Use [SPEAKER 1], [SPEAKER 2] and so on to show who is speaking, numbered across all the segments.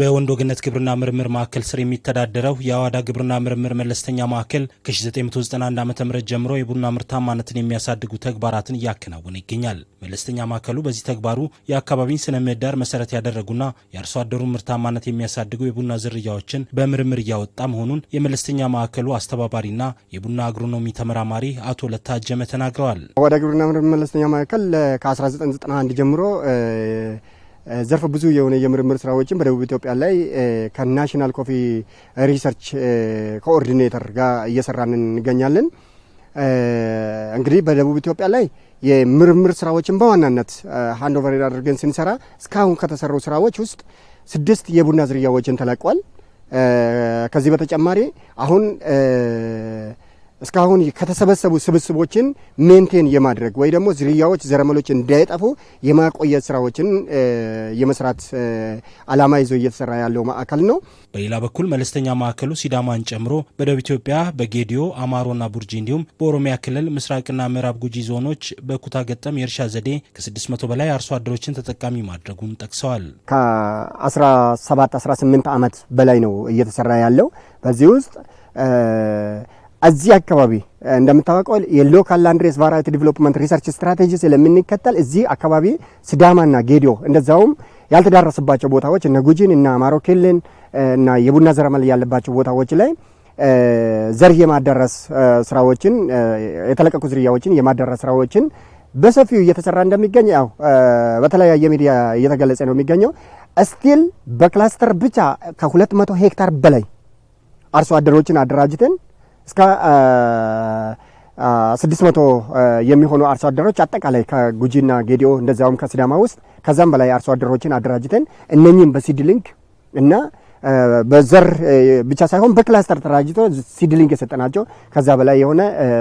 [SPEAKER 1] በወንዶ ገነት ግብርና ምርምር ማዕከል ስር የሚተዳደረው የአዋዳ ግብርና ምርምር መለስተኛ ማዕከል ከ1991 ዓ ም ጀምሮ የቡና ምርታማነትን የሚያሳድጉ ተግባራትን እያከናወነ ይገኛል። መለስተኛ ማዕከሉ በዚህ ተግባሩ የአካባቢን ስነ ምህዳር መሰረት ያደረጉና የአርሶ አደሩን ምርታማነት የሚያሳድጉ የቡና ዝርያዎችን በምርምር እያወጣ መሆኑን የመለስተኛ ማዕከሉ አስተባባሪና የቡና አግሮኖሚ ተመራማሪ አቶ ለታጀመ ተናግረዋል።
[SPEAKER 2] አዋዳ ግብርና ምርምር መለስተኛ ማዕከል ከ1991 ጀምሮ ዘርፈ ብዙ የሆነ የምርምር ስራዎችን በደቡብ ኢትዮጵያ ላይ ከናሽናል ኮፊ ሪሰርች ኮኦርዲኔተር ጋር እየሰራን እንገኛለን። እንግዲህ በደቡብ ኢትዮጵያ ላይ የምርምር ስራዎችን በዋናነት ሃንዶቨር አድርገን ስንሰራ እስካሁን ከተሰሩ ስራዎች ውስጥ ስድስት የቡና ዝርያዎችን ተለቋል። ከዚህ በተጨማሪ አሁን እስካሁን ከተሰበሰቡ ስብስቦችን ሜንቴን የማድረግ ወይ ደግሞ ዝርያዎች፣ ዘረመሎች እንዳይጠፉ የማቆየት ስራዎችን የመስራት አላማ ይዞ እየተሰራ ያለው ማዕከል ነው።
[SPEAKER 1] በሌላ በኩል መለስተኛ ማዕከሉ ሲዳማን ጨምሮ በደቡብ ኢትዮጵያ በጌዲዮ አማሮና ቡርጂ እንዲሁም በኦሮሚያ ክልል ምስራቅና ምዕራብ ጉጂ ዞኖች በኩታ ገጠም የእርሻ ዘዴ ከ600 በላይ አርሶ አደሮችን ተጠቃሚ ማድረጉን ጠቅሰዋል።
[SPEAKER 2] ከ17 18 ዓመት በላይ ነው እየተሰራ ያለው በዚህ ውስጥ እዚህ አካባቢ እንደምታወቀው የሎካል ላንድ ቫራይቲ ዲቨሎፕመንት ሪሰርች ስትራቴጂ ስለምንከተል እዚህ አካባቢ ስዳማና ጌዲዮ እንደዛውም ያልተዳረሰባቸው ቦታዎች እነ ጉጂን እና ማሮኬልን እና የቡና ዘረመል ያለባቸው ቦታዎች ላይ ዘር የማዳረስ ስራዎችን የተለቀቁ ዝርያዎችን የማዳረስ ስራዎችን በሰፊው እየተሰራ እንደሚገኝ ያው በተለያየ ሚዲያ እየተገለጸ ነው የሚገኘው። እስቲል በክላስተር ብቻ ከሁለት መቶ ሄክታር በላይ አርሶ አደሮችን አደራጅተን እስከ 600 የሚሆኑ አርሶ አደሮች አጠቃላይ ከጉጂና ጌዲኦ እንደዚያውም ከሲዳማ ውስጥ ከዛም በላይ አርሶ አደሮችን አደራጅተን እነኚህም በሲድ ሊንክ እና በዘር ብቻ ሳይሆን በክላስተር ተራጅቶ ሲድሊንግ የሰጠናቸው ከዛ በላይ የሆነ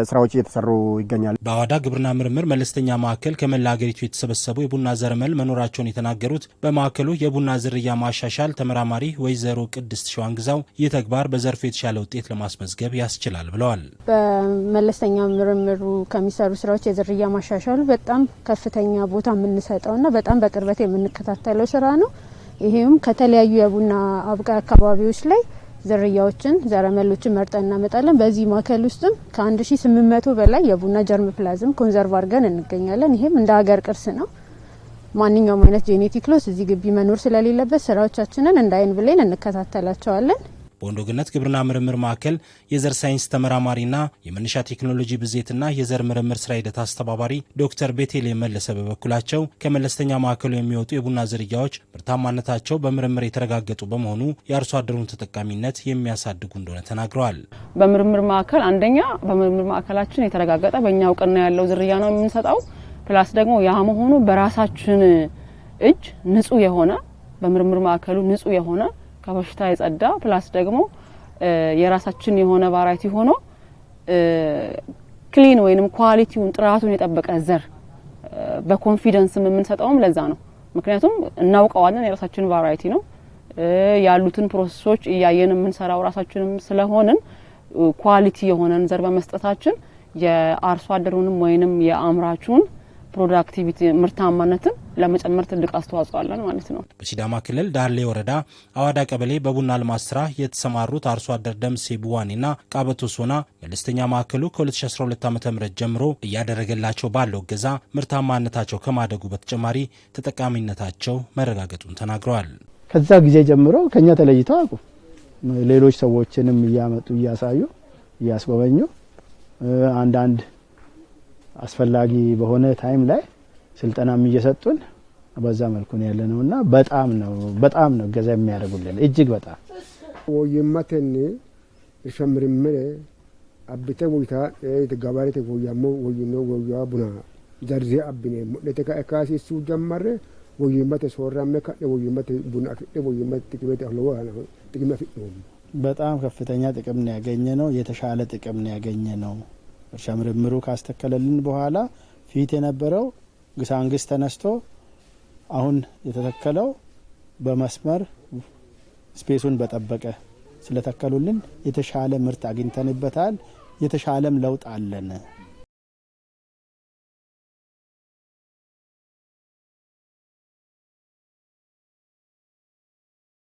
[SPEAKER 2] ስራዎች እየተሰሩ ይገኛሉ።
[SPEAKER 1] በአዋዳ ግብርና ምርምር መለስተኛ ማዕከል ከመላ ሀገሪቱ የተሰበሰቡ የቡና ዘረመል መኖራቸውን የተናገሩት በማዕከሉ የቡና ዝርያ ማሻሻል ተመራማሪ ወይዘሮ ቅድስት ሸዋንግዛው ይህ ተግባር በዘርፉ የተሻለ ውጤት ለማስመዝገብ ያስችላል ብለዋል።
[SPEAKER 3] በመለስተኛ ምርምሩ ከሚሰሩ ስራዎች የዝርያ ማሻሻሉ በጣም ከፍተኛ ቦታ የምንሰጠውና በጣም በቅርበት የምንከታተለው ስራ ነው። ይሄም ከተለያዩ የቡና አብቃይ አካባቢዎች ላይ ዝርያዎችን ዘረመሎችን መርጠን እናመጣለን። በዚህ ማዕከል ውስጥም ከ1800 በላይ የቡና ጀርም ፕላዝም ኮንዘርቭ አድርገን እንገኛለን። ይሄም እንደ ሀገር ቅርስ ነው። ማንኛውም አይነት ጄኔቲክ ሎስ እዚህ ግቢ መኖር ስለሌለበት ስራዎቻችንን እንደ አይን ብሌን እንከታተላቸዋለን።
[SPEAKER 1] በወንዶ ገነት ግብርና ምርምር ማዕከል የዘር ሳይንስ ተመራማሪና የመነሻ ቴክኖሎጂ ብዜትና የዘር ምርምር ስራ ሂደት አስተባባሪ ዶክተር ቤቴሌ መለሰ በበኩላቸው ከመለስተኛ ማዕከሉ የሚወጡ የቡና ዝርያዎች ምርታማነታቸው በምርምር የተረጋገጡ በመሆኑ የአርሶ አደሩን ተጠቃሚነት የሚያሳድጉ እንደሆነ ተናግረዋል።
[SPEAKER 4] በምርምር ማዕከል አንደኛ በምርምር ማዕከላችን የተረጋገጠ በእኛ እውቅና ያለው ዝርያ ነው የምንሰጠው። ፕላስ ደግሞ ያ መሆኑ በራሳችን እጅ ንጹህ የሆነ በምርምር ማዕከሉ ንጹህ የሆነ ከበሽታ የጸዳ ፕላስ ደግሞ የራሳችን የሆነ ቫራይቲ ሆኖ ክሊን ወይንም ኳሊቲውን ጥራቱን የጠበቀ ዘር በኮንፊደንስ የምንሰጠውም ለዛ ነው። ምክንያቱም እናውቀዋለን፣ የራሳችን ቫራይቲ ነው። ያሉትን ፕሮሰሶች እያየን የምንሰራው ራሳችንም ስለሆንን ኳሊቲ የሆነን ዘር በመስጠታችን የአርሶ አደሩንም ወይንም የአምራቹን ፕሮዳክቲቪቲ ምርታማነትን ለመጨመር ትልቅ አስተዋጽኦ አለን ማለት ነው።
[SPEAKER 1] በሲዳማ ክልል ዳርሌ ወረዳ አዋዳ ቀበሌ በቡና ልማት ስራ የተሰማሩት አርሶ አደር ደምሴ ቡዋኔና ቃበቶ ሶና መለስተኛ ማዕከሉ ከ2012 ዓ ም ጀምሮ እያደረገላቸው ባለው እገዛ ምርታማነታቸው ከማደጉ በተጨማሪ ተጠቃሚነታቸው መረጋገጡን ተናግረዋል።
[SPEAKER 5] ከዛ ጊዜ ጀምሮ ከኛ ተለይተው አቁ ሌሎች ሰዎችንም እያመጡ እያሳዩ እያስጎበኙ አንዳንድ አስፈላጊ በሆነ ታይም ላይ ስልጠናም እየሰጡን በዛ መልኩ ነው ያለ ነው እና በጣም ነው በጣም ነው እገዛ የሚያደርጉልን እጅግ በጣም
[SPEAKER 6] ወይመቴን ሸምርምር አብተ ወይታ ገባሬት ወያሞ ወይኖ ወያ ቡና ዘርዜ አብኔ ሙለተካ ከካሲ ሱ ጀመረ ወይመቴ ሶራመ ከ ወይመቴ ቡና ፊ ወይመቴ ጥቅሜት አለዋ ጥቅሜ ፊ
[SPEAKER 7] በጣም ከፍተኛ ጥቅም ነው ያገኘ ነው። የተሻለ ጥቅም ነው ያገኘ ነው። እርሻ ምርምሩ ካስተከለልን በኋላ ፊት የነበረው ግሳንግስ ተነስቶ አሁን የተተከለው በመስመር ስፔሱን በጠበቀ ስለተከሉልን የተሻለ ምርት አግኝተንበታል። የተሻለም ለውጥ አለን።